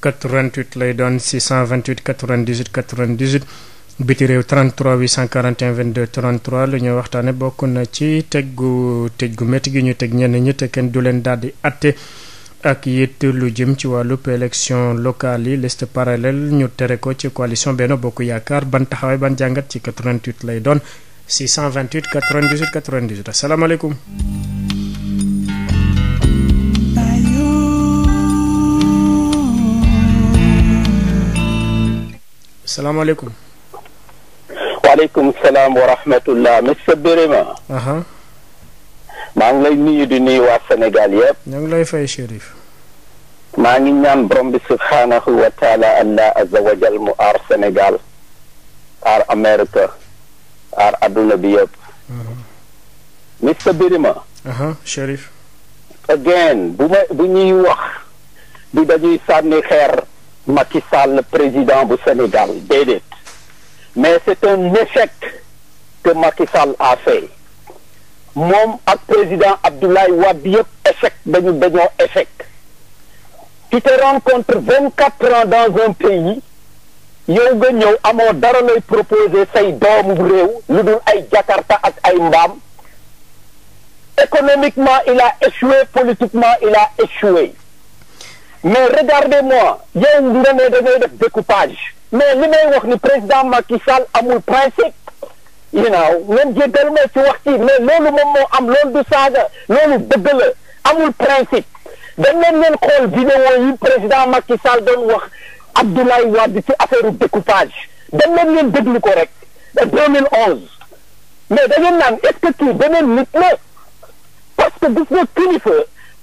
88 lay doon 628 98 98 biti réew 33 841 22 33 lu ñuy waxtaane bokk na ci teg gu tëj gu métti gi ñu teg ñenn ñi te kenn du leen daal di atte ak it lu jëm ci wàllub élection locale yi liste parallèle ñu tere ko ci coalition benn Bokk Yaakaar ban taxawaay ban jàngat ci 88 lay doon 628 98 98 asalaamaaleykum salaamaaleykum. waaleykum salaam wa rahmatullah Birima. maa ngi lay nuyu di nuyu waa yëpp. ñoo ngi lay fay Chérif. maa ngi ñaan borom bi subhaanahu wa allah azza mu aar Sénégal aar Amérique aar adduna bi Birima. Chérif. again bu ma bu ñuy wax. du dañuy Macky Sall président bu Sénégal déedéet mais c'est un échec que Macky Sall a fait moom ak président Abdoulaye Wade yëpp échec dañu dañoo échec tu te rencontres vingt quatre ans dans un pays yow nga ñëw amoo dara lay proposer say doomu réew lu ay Jakarta ak ay mbaam économiquement il a échoué politiquement il a échoué mais regardez-moi yow nga ne da ngay def découpage mais li may wax ni président Macky Sall amul principe you know ngeen jéggal ma ci wax ci mais loolu moom moo am loolu du saaga loolu dëgg la amul principe dañ leen ngeen xool vidéo yi président Macky Sall doon wax Abdoulaye Wade ci affaire découpage dañ leen ngeen déglu ko rek de 2011 mais da ngeen naan est-ce que parce que gis nga kilifa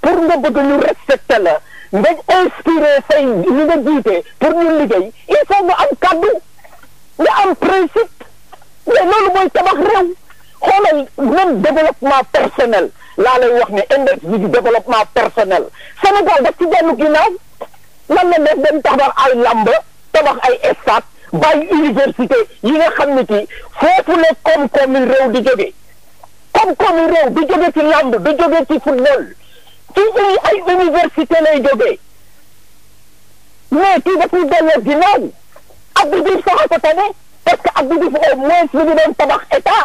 pour nga bëgg ñu respecté la. nga inspiré say ñi nga jiite pour ñu liggéey il faut nga am kaddu nga am principe mais loolu mooy tabax réew xoolal même développement personnel laa lay wax ne index bi développement personnel Sénégal daf ci dellu ginnaaw lan la def dem tabax ay lamba tabax ay stade bàyyi université yi nga xam ne ci foofu la koom-koomi réew di jóge koom-koomi réew di jóge ci lamb di jóge ci football ci ay université lay jógee mais kii daf ñu delloo ginnaaw Abdou Diouf sax a ko tane parce que Abdou Diouf au moins lu ñu doon tabax état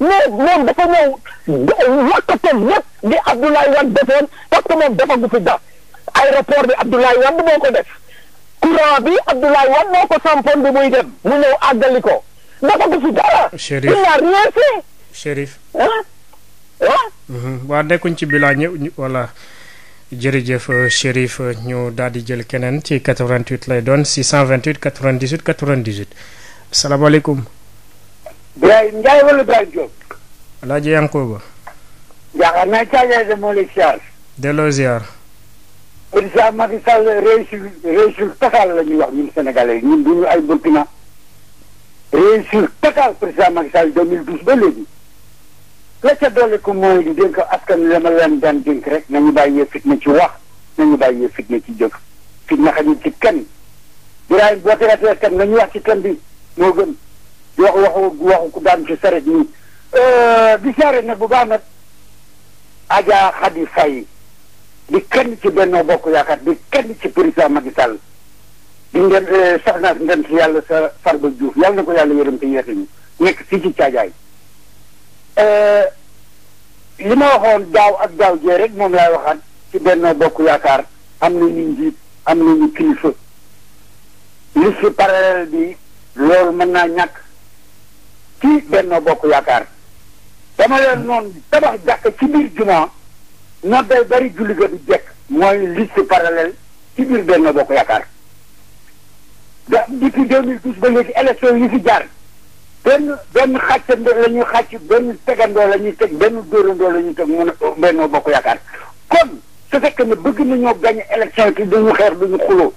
mais moom dafa ñëw wàkkate lépp di Abdoulaye Wade defoon parce que moom dafa gu fi dara aéroport bi Abdoulaye Wade moo ko def courant bi Abdoulaye Wade moo ko sampoon bi muy dem mu ñëw àggali ko dafa gu fi dara. Chérif ah ah. Mhm. waa nekkuñ ci bilan ñëpp voilà jërëjëf euh, Chérif euh, ñu daal di jël keneen ci 88 lay doon 628 98 98 asalaamaaleykum. Birahim Ndiaye wala Birahim Diop. El Hadj Yankuba. yaakaar naa caa de moo lay ziar. delloo ziar. président Macky Sall réussir total la ñuy wax ñun sénégalais ñun duñu ay Burkina réussir total président Macky Sall 2012 ba léegi. la dole doole ko mooy di dénk askan wi dama leen daan dénk rek nañu bàyyee fitna ci wax nañu bàyyee fitna ci jëf fitna xajul ci kenn Birahim boo tegatee kenn nañu wax ci kenn bi moo gën di wax waxu waxu ku daan ci saret nii euh, di saret nag bu baax nag Adja Khady Faye di kenn ci Benno Bokk Yaakaar di kenn ci président Macky Sall di ngeen euh, soxnaas ngeen si yàlla sa Farba Diouf yàlla na ko yàlla yërëm te yeete ñu nekk fii ci caajaay Euh, li ma waxoon daaw ak daaw jee rek moom laay waxaat ci Benno Bokk Yaakaar am nañu njiit am nañu kilifa liste parallèle bi loolu mën naa ñàkk ci Benno Bokk Yaakaar dama leen noonu tabax jàkk ci biir jumaa na day bari julli ga du jekk mooy liste parallèle ci biir Benno Bokk Yaakaar da depuis 2012 ba léegi élection yi fi jaar benn benn xàccandoo la ñuy xàcc benn tegandoo la ñuy teg benn dóorandoo la ñuy teg mun a Benno Bokk Yaakaar kon su fekkee ne bëgg nañoo gañ élection yi duñu xeer duñu xuloo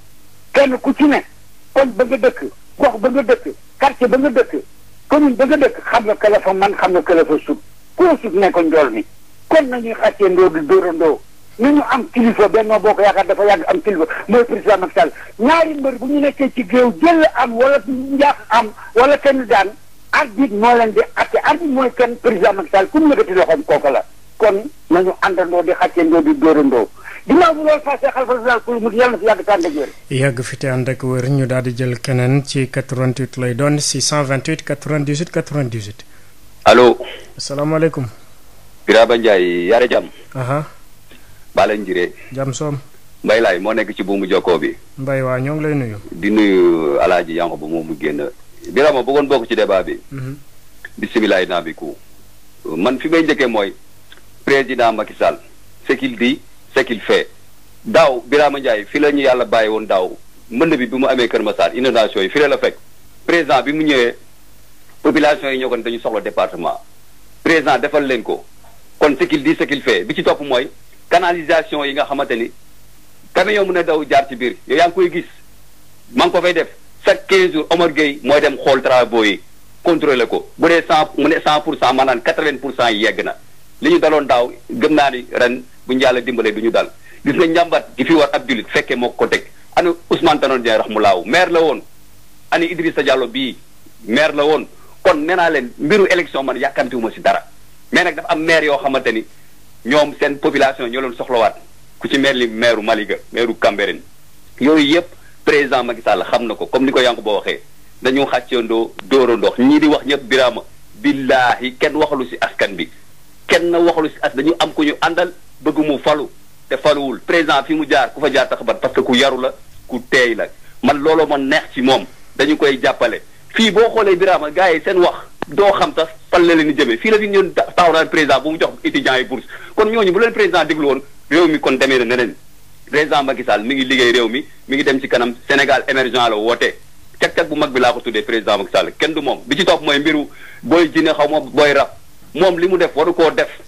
kenn ku ci ne kon ba nga dëkk gox ba nga dëkk quartier ba nga dëkk commune ba nga dëkk xam nga kala fa man xam nga kala fa sut koo sut ne ko njool mi kon nañuy xàccee ndoo di dóorandoo ni ñu am kilifa Benno Bokk Yaakaar dafa yàgg am kilifa mooy président Macky Sall ñaari mbër bu ñu nekkee ci géew jël am wala njaax am wala kenn daan arbitre moo leen di atte arbitre mooy kenn président Macky Sall ku mu nekkati loxoom kooku la kon nañu àndandoo di xàccandoo di dóorandoo ginnaaw bu loolu passé xalifa général ku mu yàlla na fi yàgg te ànd ak wér. yàgg fi te ànd ñu daal di jël keneen ci doon vingt 88 lay doon 628 98 98. allo. asalaamaaleykum. Biraba Ndiaye yaare jàmm. Bala Njire. jàmm soom. Mbaye laay moo nekk ci buumu jokkoo bi. mbay waa ñoo ngi lay nuyu. di nuyu Alaaji yo bu Birama bëggoon bokk ci débat bi. Mhm. bisimilah naa bi ku man fi may njëkkee mooy président Macky Sall ce qu'il dit ce qu'il fait daaw Birama Ndiaye fi la ñu yàlla bàyyi woon daaw mbënd bi bi mu amee Kër ma Massar inondation yi fi la la fekk président bi mu ñëwee population yi ñoo ko ne dañu soxla département président defal leen ko kon ce qu'il dit ce qu'il fait bi ci topp mooy canalisation yi nga xamante ni camion mu ne daw jaar ci biir yow yaa ngi koy gis maa ngi ko fay def chaque 15 jour Omar Gueye mooy dem xool travaux yi contrôler ko bu dee 100 mu ne 100 pour cent maanaam 80 pour cent yi yegg na li ñu daloon daaw gëm naa ni ren bu ñu yàlla dimbalee du ñu dal gis nga njàmbat gi fi war ab jullit fekkee moo ko teg ani Ousmane Tanor mu laaw maire la woon ani sa Diallo bii mair la woon kon nee naa leen mbiru élection man yàkkamtiwuma si dara mais nag dafa am maire yoo xamante ni ñoom seen population ñoo leen soxlawaat ku ci maire li maireu Malika maireu Cambérène yooyu yëpp président Macky Sall xam na ko comme ni ko yànq boo waxee dañu xàccandoo dóora ndox ñii di wax ñëpp biraama billaahi kenn waxalu ci askan bi kenn waxalu ci as dañu am ku ñu àndal bëgg mu falu te faluwul président fi mu jaar ku fa jaar taxabat parce que ku yaru la ku teey la man looloo ma neex ci moom dañu koy jàppale fii boo xoolee biraama gars yi seen wax doo xam sax fan la leen di jëmee fii la fi ñoon taxaw naan président bu mu jox étudiants yi bourse kon ñooñu bu leen président déglu woon réew kon demee na neneen président Macky Sall mi ngi liggéey réew mi mi ngi dem ci kanam Sénégal émergent la woote cag-cag bu mag bi laa ko tuddee président Macky kenn du moom bi ci topp mooy mbiru booy jine xaw ma booy rab moom li mu def waru koo def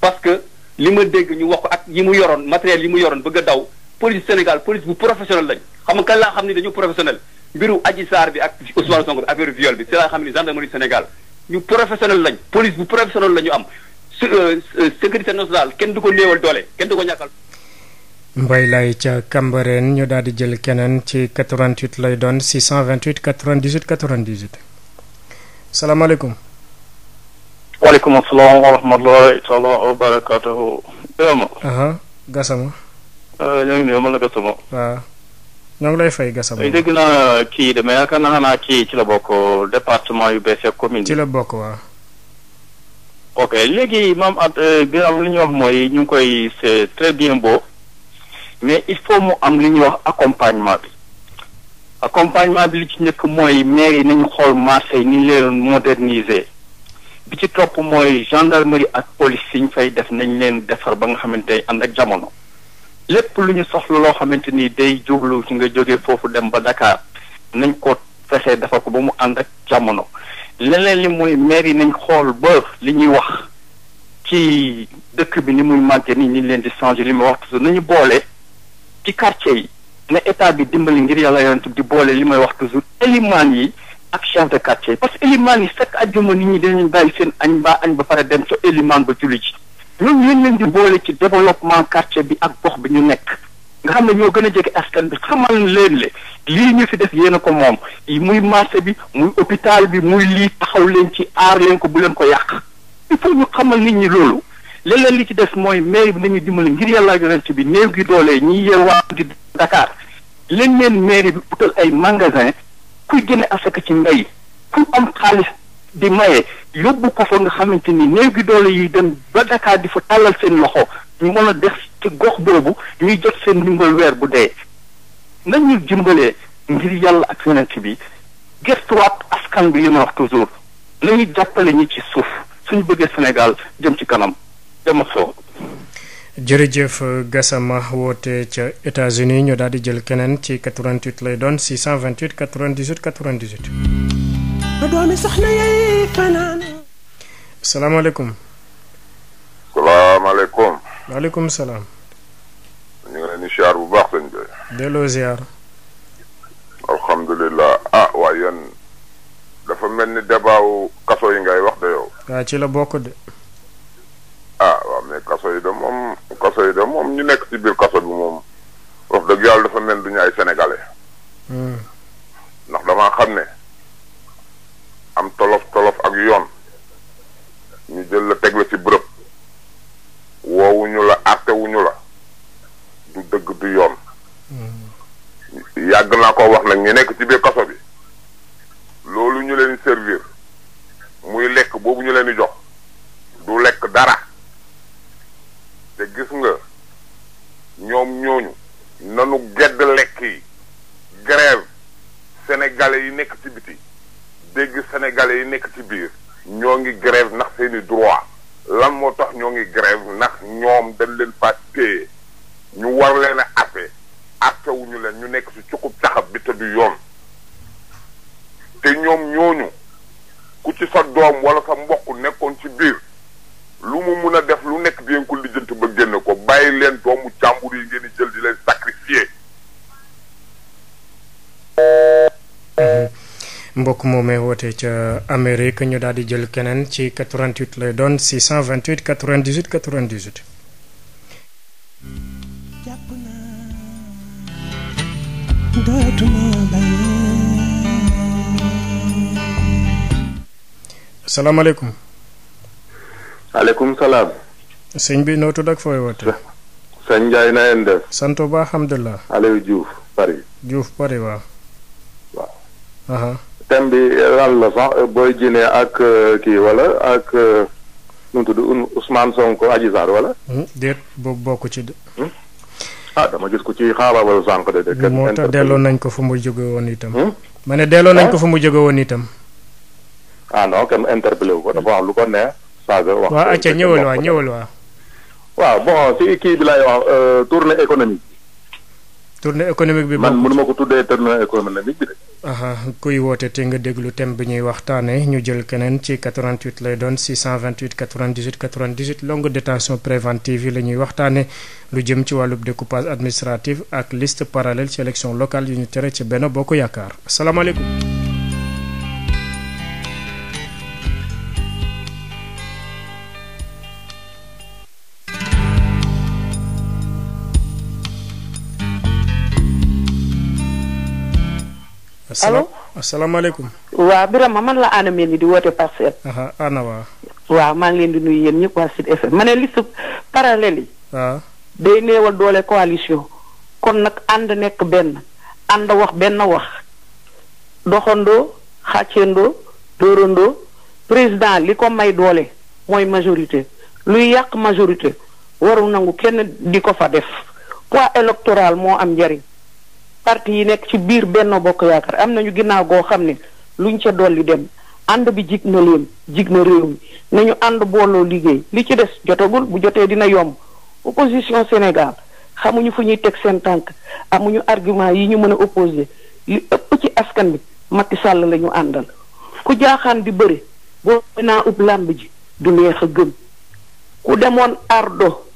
parce que li ma dégg ñu wax ko ak yi mu yoroon matériel yi mu yoroon bëgg a daw police Sénégal police bu professionnel lañ xam nga kan laa xam ni dañu professionnel mbiru Adji Sarr bi ak Ousmane Sonko bi affaire viol bi ci laa xam ni gendarmerie Sénégal ñu professionnel lañ police bu la ñu am euh, euh, sécurité nationale kenn du ko néewal doole kenn du ko ñàkkal Mbaye Laye ca Cambérène ñu daal di jël keneen ci 88 lay doon 628 98 98. salaamaaleykum. waaleykum salaam wa rahmatullahi taala wa barakaatuhu. Birama. Gassama. Euh, ñoo ngi nuyu ma la Gassama. waaw ñoo ngi lay fay yi dégg naa kii de mais yaakaar naa xanaa kii ci la bokk département yu bees commune ci la bokk waaw. ok léegi maam at euh, Birama li ñu wax mooy ñu ngi koy c'est très bien beau. mais il faut mu am li ñuy wax accompagnement bi accompagnement bi li ci njëkk mooy maire yi nañu xool marché ni ñu leen moderniser bi ci topp mooy gendarmerie ak police yi ñu fay def nañ leen defar ba nga xamante day ànd ak jamono lépp lu ñu soxla loo xamante ni day jublu ci nga jóge foofu dem ba Dakar nañ ko fexe defar ko ba mu ànd ak jamono leneen li mooy maire yi nañ xool ba li ñuy wax ci dëkk bi ni muy màggee ni ñu leen di changer li ma wax toujours nañu boole. ci quartier yi na état bi dimbali ngir yàlla yonent di boole li may wax toujours élimaan yi ak chef de quartier yi parce que élimaan yi chaque ajjuma nit ñi dañuy bàyyi seen añ ba añ ba pare dem ca élimaan ba julli ji ñoom yéen leen di boole ci développement quartier bi ak box bi ñu nekk nga xam ne ñoo gën a jege askan bi xamal leen le lii ñu fi def yéen a ko moom yi muy marché bi muy hôpital bi muy lii taxaw leen ci aar leen ko bu leen ko yàq il faut ñu nit ñi loolu leneen li ci des mooy mairie bi nañu dimbali ngir yàlla yonent bi néew gi doolee ñi yéen waa di Dakar leen leen mairie bi utal ay magasin kuy génne asaka ci mbay ku am xaalis di maye yóbbu ko fa nga xamante ni néew gi doole yi dem ba Dakar di fa tàllal seen loxo ñu mën a def ci gox boobu ñuy jot seen ndimbal weer bu dee nañu dimbalee ngir yàlla ak yonent bi gestuwaat askan bi yéen wax toujours nañu jàppale ñi ci suuf suñ bëggee Sénégal jëm ci kanam Damaso. jërëjëf Gassama woote ca États-Unis ñu daal di jël keneen ci 88 lay doon 628 98 98. ba doomi soxna yey fanaan. salaamaaleykum. salaamaaleykum. maaleykum salaam. ñu ngi leen di ziar bu baax sëñ bi. delloo ziar. alhamdulilah ah waa yéen dafa mel ni débat wu kaso yi ngay wax de yow. Ah, ci la bokk de. kaso yi de moom kaso yi de moom ñu nekk ci biir kaso bi moom wax dëgg yàlla dafa mel du ñu ay sénégalais. Hmm. ndax damaa xam ne am tolof tolof ak yoon ñu jël la teg la ci bërëb woowuñu la àttewuñu la du dëgg du yoon. Hmm. yàgg naa ko wax nag ñu nekk ci biir nekk ci biir ñoo ngi grève ndax seeni droit lan moo tax ñoo ngi grève ndax ñoom dañ leen fa ñu war leen a atte attewuñu leen ñu nekk si cukub caxab bi te yoon te ñoom ñooñu ku ci sa doom wala sa mbokk nekkoon ci biir lu mu mun a def lu nekk di ngeen ko lijjanti ba génn ko bàyyi leen doomu jàmbur yi ngeen di jël di leen sacrifier mbokk moomee wootee ca Amérique ñu daal di jël keneen ci 88 lay doon 628 98 98. salaamaaleykum. maaleykum salaam. sëñ bi noo tudd fooy woote. sëñ Ndiaye na ngeen def. sant ba baax alhamdulilah. Aliou Diouf Paris. Diouf Paris waaw. thème bi la sax euh, booy jinne ak euh, kii wala ak euh, nu mu tudd sonk aji Adji Sarr wala. Hmm, déet boobu bokk ci. Hmm? ah dama gis ko ci xaabaabal sànq de. de moo tax delloo nañ ko fu mu jóge woon itam. Hmm? ma ne delloo nañ ah? ko fu mu jóge woon itam. ah non kenn interpellé wu ko dafa wax lu ko neex. saaga wax waaw acca ñëwal waa ñëwal waa. waaw bon si kii bi lay wax tournée économique. tournée économique bi. man mënu ma ko tuddee tournée économique bi de. kuy woote tee nga déglu thème bi ñuy waxtaanee ñu jël keneen ci 88 lay doon 628 98 98 longue détention préventive yi la ñuy waxtaanee lu jëm ci wàllu wàllub découpage administratif ak liste parallèle ci élection locale yu ñu tere ci benn bokk yaakaar asalaamaaleykum. allo asalaamaaleykum. waaw Birama man la Anna Mendy di woote parcelle. Anna waaw. maa ngi leen di nuyu yéen ñëpp waa Sud FM ma ne liste parallèle yi. waaw ah. day néewal doole coalition. kon nag ànd nekk benn ànd wax benn wax doxandoo xàccendoo dóorandoo président li ko may doole mooy majorité luy yàq majorité waru nangu kenn di ko fa def poids électoral moo am njariñ parti yi nekk ci biir benn Bokk Yaakaar am nañu ginnaaw goo xam ne luñ ca dolli dem ànd bi jig na leen jig na réew mi nañu ànd booloo liggéey li ci des jotagul bu jotee dina yomb opposition Sénégal xamuñu fu ñuy teg seen tànk amuñu argument yi ñu mën a opposé li ëpp ci askan bi Macky sàll lañu ñu àndal ku jaaxaan di bëri boo naa ub làmb ji du neex a gëm ku demoon ardo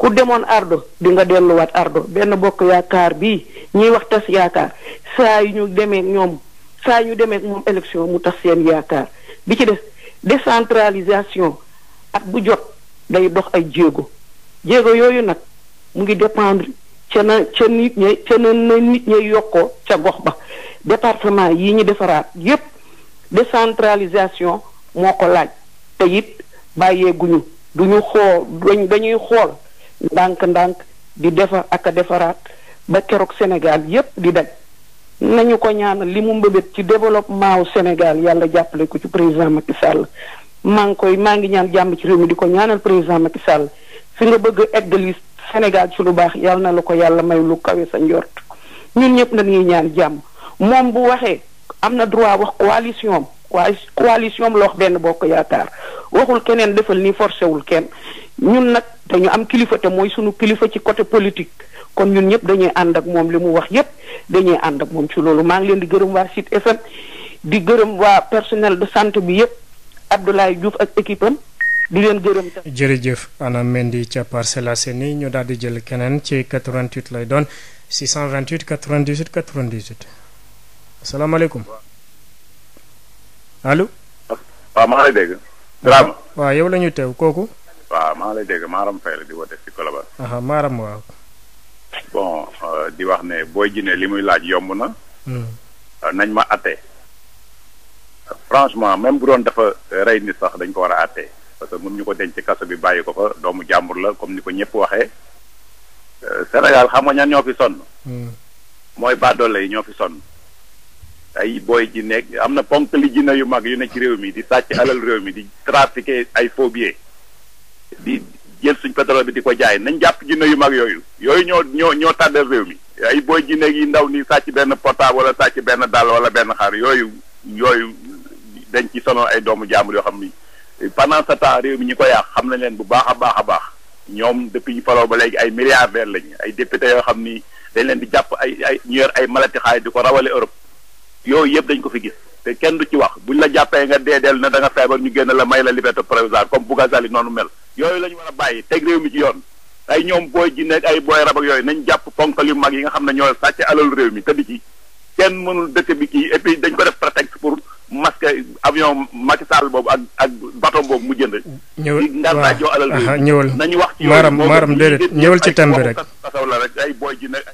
ku demoon ardo dinga nga delluwaat ardo benn bokk yaakaar bii ñuy wax tas yaakaar saa yu ñu demee ñoom saa yu ñu demee moom élection mu tas seen yaakaar bi ci def décentralisation ak bu jot day dox ay jéego jéego yooyu nag mu ngi dépendre ca na ca nit ña ca nit ña yokkoo ca gox ba département yi ñu defaraat yépp décentralisation moo ko laaj te it bàyyeeguñu duñu xool dañuy xool ndànk-ndànk di defar ak defaraat ba keroog Sénégal yépp di daj nañu ko ñaanal li mu mbëbët ci développement Sénégal yàlla jàppale ko ci président Macky Sall maa ngi koy maa ngi ñaan jàmm ci réew mi di ko ñaanal président Macky Sall fi nga bëgg a eggali Sénégal ci lu baax yàlla na la ko yàlla may lu kawe sa njort ñun ñëpp nañuy ñaan jàmm moom bu waxee am na droit wax coalition am waaye coalition la wax benn bokk yaakaar waxul keneen defal ni forcé wul kenn te ñu am kilifa te mooy sunu kilifa ci côté politique kon ñun ñëpp dañuy ànd ak moom li mu wax yépp dañuy ànd ak moom ci loolu maa ngi leen di gërëm waa Sud FM di gërëm waa personnel de santé bi yépp Abdoulaye Diouf ak équipe am di leen gërëm tam. jërëjëf Anna Mendy ca Parcelles Assainies ñu daal di jël keneen ci 88 lay doon 628 98 98 asalaamaaleykum allo. waaw maa ngi lay dégg. yow lañu ñu teew kooku. waaw ah, maa ngi lay dégg Maram Faye la di woote si Colobane. Maram waaw. bon euh, di wax ne Boy Djiné li muy laaj yomb na. Hmm. Euh, nañ ma àtte. franchement même bu doon dafa rey ni sax dañ ko war a àtte parce que mën ñu ko denc kaso bi bàyyi ko fa doomu jàmbur la comme ni ko ñëpp waxee. Euh, Sénégal xam nga ñan ñoo fi sonn. Hmm. mooy baadoole yi ñoo fi sonn. ay ji nekk am na ponk li Djiné yu mag yu ne ci réew mi di sàcc alal réew mi di trafiquer ay faux di jël suñ pétrole bi di ko jaay nañ jàpp jinne yu mag yooyu yooyu ñoo ñoo ñoo tàddal réew mi ay booy jinne yi ndaw ni sàcc benn portable wala sàcc benn dàll wala benn xar yooyu yooyu dañ ci sonal ay doomu jaamur yoo xam ni pendant ce temps réew mi ñi ko yàq xam na leen bu baax a baax a baax ñoom depuis ñu faloo ba léegi ay milliardaires lañ ay député yoo xam ni dañ leen di jàpp ay ay ñu yor ay malati xaay di ko rawale Europe yooyu yëpp dañ ko fi gis te kenn du ci wax buñ la jàppee nga dee dellu mel yooyu la war a bàyyi teg réew mi ci yoon ay ñoom booy ji nekk ay booy rab ak yooyu nañ jàpp ponkal yu mag yi nga xam ne ñoo sàcc alalu réew mi tëdd ci kenn mënul dëkk bi kii et dañ ko def prétexte pour masque avion Macky Sall boobu ak ak bateau boobu mu jënd. ñëwal waaw ñëwal nañu wax ci maaram maaram déedéet ñëwal ci thème bi rek. ay booy ji nekk.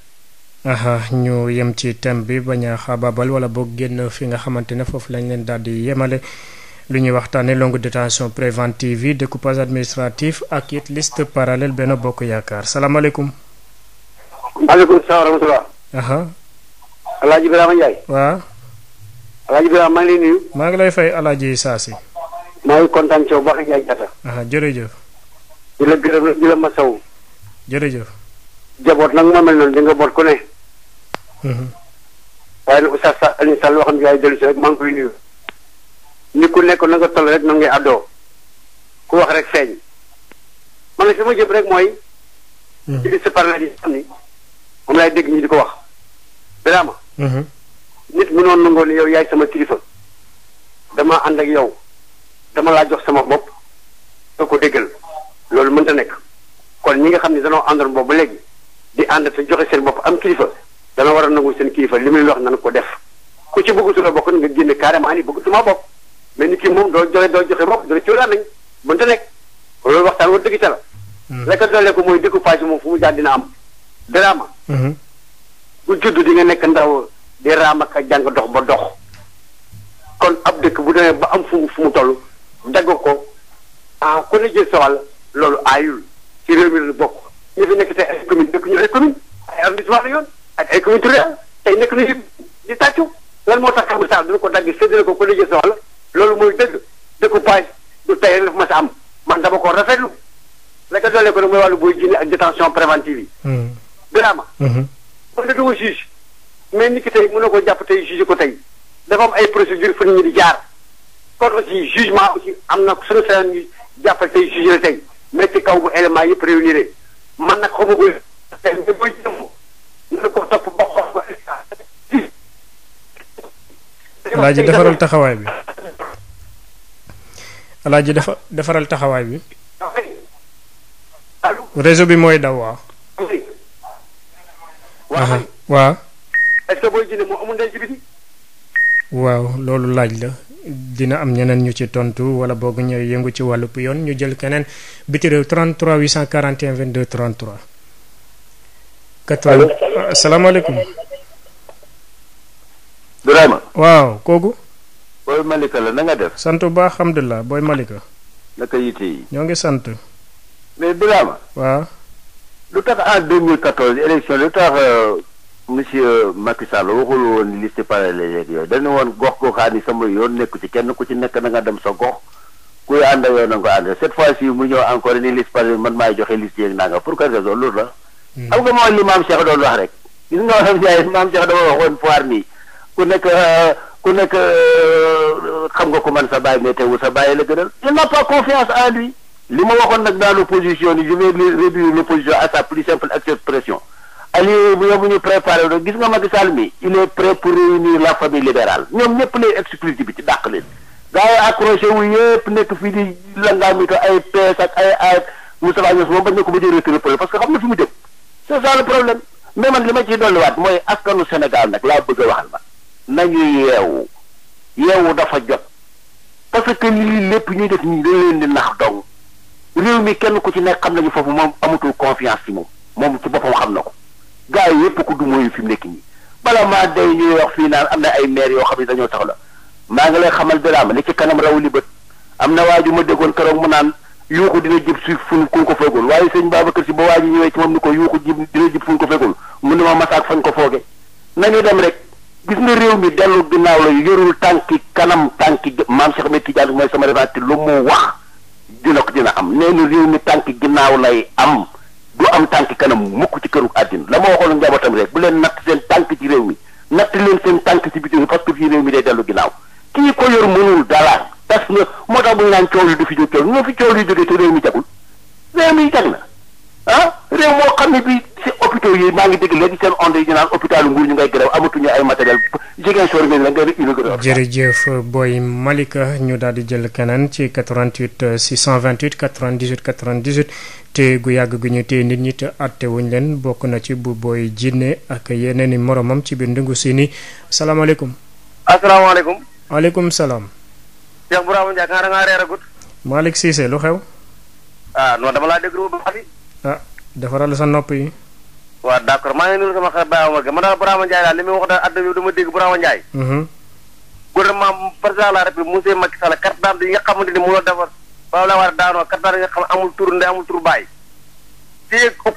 ñu yem ci thème bi bañ a xababal wala boog génn fi nga xamante ne foofu lañ leen daal di yemale. lu ñuy waxtaane longue détention préventive yi découpage administratif ak it liste parallèle Benno Bokk Yaakaar salaamaaleykum. maaleykum salaam wa rahmatulah. El Hadj Ibrahima Ndiaye. waaw. El Hadj Ibrahima maa ngi lay nuyu. maa ngi lay fay El Hadj Saasi. maa ngi kontaan ci yow baax Ndiaye Diatta. jërëjëf. di la gërëm di la masawu. jërëjëf. jaboot nag moo mel noonu di nga boot ku ne. Mhm. waaye nag Oustaz Alioune Sall waxam ji ay dellu si rek maa ngi koy nuyu. nit ku nekk na nga toll rek na ngay àddoo ku wax rek feeñ man nag sama jëm rek mooy hmm. ci yi dégg ñi di ko wax Birama hmm. nit mënoon nangoo ne yow yaay sama kilifa dama ànd ak yow dama laa jox sama bopp nga ko déggal loolu mënta nekk kon ni nga xam ni danoo àndoon boobu ba léegi di ànd te joxe seen bopp am kilifa dana war a nangu seen kilifa li muy wax nan ko def ku ci bëggatula bokk nga génne carrément ni bëggatuma bokk mais nit ki moom doo joxe doo joxe moom doo cóolaa nañ nekk loolu waxtaan war dëgg ca la hmm. la ko doole ko mooy découpage moom fu mu jaar dina am drama hmm. ku judd di nga nekk ndaw di raam ak jàng dox ba dox kon ab dëkk bu demee ba am fu mu fu mu toll dagg ko ah ku ne jël sawal loolu aayul ci réew mi la bokk ñu fi nekk tey ay commune dëkk ñu ay commune ay arrondissement la yoon ak ay commune rurale tey nekk nañu di tàccu lan moo tax xam nga sax dina ko dagg séddale ko ku ne jël loolu mooy dëgg découpage du tey rek dafa mas a am man dama ko rafetlu la ko doolee ko nag mooy wàllu booy jinne ak détention préventive yi. Birama. mën na dugg juge mais nit tey mën na ko jàpp tey juge la tey mais kaw bu élément yëpp réunir man nag xamu ko tey mais booy jëmm na ko topp bi. ji dafa defaral taxawaay bi. réseau bi mooy daw waaw. waaw loolu laaj la dina am ñeneen ñu ci tontu wala boog ñu yëngu ci wàllu yoon ñu jël keneen biti réew 33 841 22 33. allo asalaamaaleykum. Birama waaw kooku. booy Malika la na nga def. sant bu baax alhamdulilah booy Malika. naka yitte yi. ñoo ngi sant. mais Birama. waaw. lu tax en 2014 élection lu tax euh, monsieur Macky Sall waxul woon liste parallèle yeeg yooyu dañu woon gox goxaan yi sama yoon nekku ci kenn ku ci nekk na nga dem sa gox kuy ànd ak na nga ko ànd cette fois ci mu ñëw encore ni liste parallèle man maay joxe liste yeeg naa nga pour quelle raison loolu la. Hmm. xam nga mooy li maam Cheikh doon wax rek. gis nga maam ku nekk euh, xam nga ko man sa baay mais teewul sa baay la gënal il n'a pas confiance en lui li ma waxoon nag dans l'opposition ni je vais réduire l'opposition à sa plus simple expression Aliou yow bu ñu préparé gis nga Macky Sall mi il est prêt pour réunir la famille libérale ñoom ñëpp lay exclusif bi ci dàq leen gars yi accroché wu yëpp nekk fii di langaami ko ay PS ak ay ay Moustapha Niass moom bañ na ko ba jëlee rétropole parce que xam na fi mu jëm nag laa bëgg a nañu yeewu yeewu dafa jot parce que lii lépp ñuy def ñu dañ leen di nax dong réew mi kenn ku ci nekk xam nañu foofu moom amatul confiance ci moom moom ci boppam xam na ko gars yi yépp ku du mooyu fi mu nekk nii bala maa day ñuy wax fii naan am na ay maire yoo xam ne dañoo tax la maa ngi lay xamal daraama li ci kanam raw li bët am na waaju ma déggoon keroog mu naan yuuxu dina jib si fuñ ko foogoon waaye sëñ Babacar si ba waa ñëwee ci moom ni ko yuuxu jib dina jib fuñ ko foogoon mu ne ma masaak fañ ko fooge dem rek gis nga réew mi dellu ginnaaw la yorul tànki kanam tànki maam Cheikh Ahmed Tidiane mooy sama référence lu mu wax dina ko dina am nee na réew mi tànki ginnaaw lay am du am tànki kanam mukk ci këru àddina la moo waxoon njabootam rek bu leen natt seen tànk ci réew mi natt leen seen tànk ci biti parce que fii réew mi day dellu ginnaaw kii ko yor mënul dara tas moo tax bu ñu naan coow li du fi jóg coow ñoo fi coow li jógee te réew mi jagul jërëjëf Boy Malika ñu daal di jël keneen ci 88 628 98 98 te gu yàgg gu ñu téye nit ñi te àtte wuñ leen bokk na ci bu Boy Jinne ak yeneen i moromam ci biir ndungu si nii salaamaaleykum. asalaamaaleykum. maaleykum salaam. Cheikh Bourama Ndiaye kan da ngaa reer agut. Malick Cissé lu xew. ah non dama laa déglu ba xam ah defaral sa nopp yi. waaw d'accord maa ngi nuyu sama xarit Baye Omar Gueye man daal Bourama Ndiaye daal gouvernement président de la république monsieur Macky Sall carte d'identité yi nga xamante ni mënoo defar ba la war a daanoo carte d'identité yi nga xam amul tur ndey a yi gars yi changé ko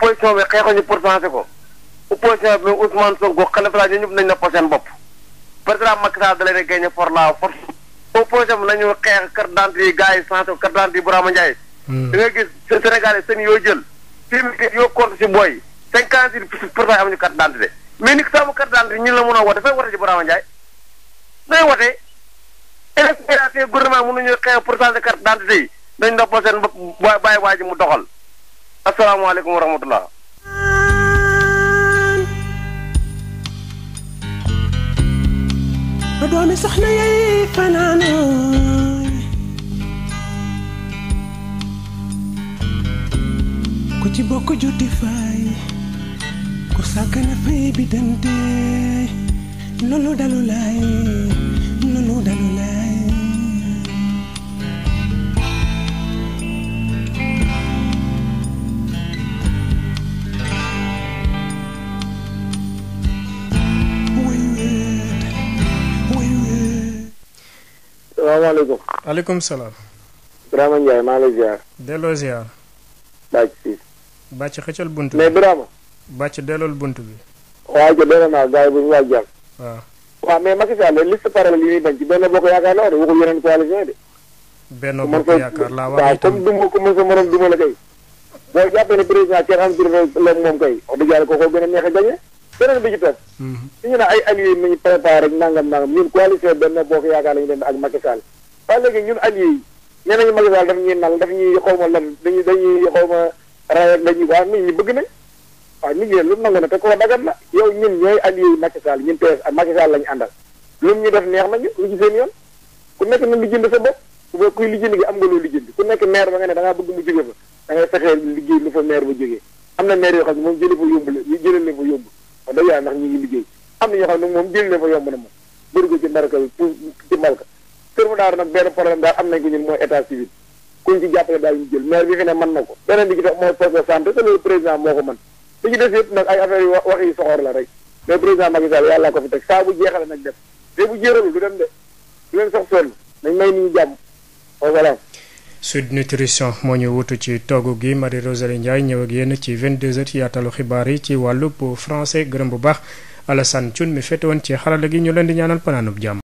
carte yi Bourama Ndiaye. Hmm. da ngay gis seen Sénégal yi mais nit ki sama carte d'identité la mën a woo dafay wote ci Bourama Ndiaye day wote électeur gouvernement mënuñu xeex pourcentage de carte d'identité yi dañ noppal seen bopp bàyyi waa ji mu doxal asalaamaaleykum wa rahmatullah ba doomi soxna yey fanaanoo ku ci bokk joti fay ku sàkkana fay bi dante nunu dalu laay nunu dalu laay salaamaaleykum. salaam. Birama Ndiaye maa ngi delloo ziar. bàcc si. xëccal bunt bi mais Birama. bàcc dellool bunt bi. waaye ca delloo naa gaay bu ñu waaj jàmm. waaw waaw mais Macky Sall liste parallèle yi ñuy bañ ci benn bokk yaakaar la wax de waxul yeneen coalition de. benn bokk ko mën sa morom a a gañe. beneen bi ci topp. su mhm. ñu ne ay alliés mi ñu préparé rek nangam nangam ñun coalition benn bokk yaakaar ak Macky Sall. léegi ñun alliés yi nee nañu Macky daf ñuy nal daf ñuy xaw ma lan dañuy dañuy xaw ma ray ak dañuy waaw nit ñi bëgg nañ waaw liggéey lu mu nangu na te koo dagat la yow ñun ñooy allié Macky Sall ñun PS ak Macky Sall lañu àndal lu mu ñu def neex nañu lu ku nekk na ba kuy lijjanti am nga loo lijjanti ku nekk maire da ngaa bëgg mu jóge fa da ngay liggéey lu fa maire ba jógee am na maire yoo xam ne moom jëlee fa yómbu la jëlee leen fa yómbu wax dëgg yàlla na ñoo xam ne moom jëlee leen fa yomb na moom bëri ko ci mbarka pour ci mbalka sërmu daar nag benn problème daal am nañ ko ñun mooy état civil kuñ ci jàppale daal ñu jël maire bi fi ne mën na ko beneen bi ci def mooy poste de santé président moo ko mën li ci des yëpp nag ay affaire yu wax soxor la rek mais président Macky Sall ko fi teg saa bu jeexale nag dem te bu jéeralu du dem de du leen sax sonn nañ may ni jàmm Sud Nutrition moo ñu wutu ci toogu gi Marie Rosalie Ndiaye ñëw ak yéen ci 22h ci yaatalu xibaar yi ci wàllub français gërëm bu baax Alassane Thioune mi féete woon ci xarala gi ñu leen di ñaanal panaanub jàmm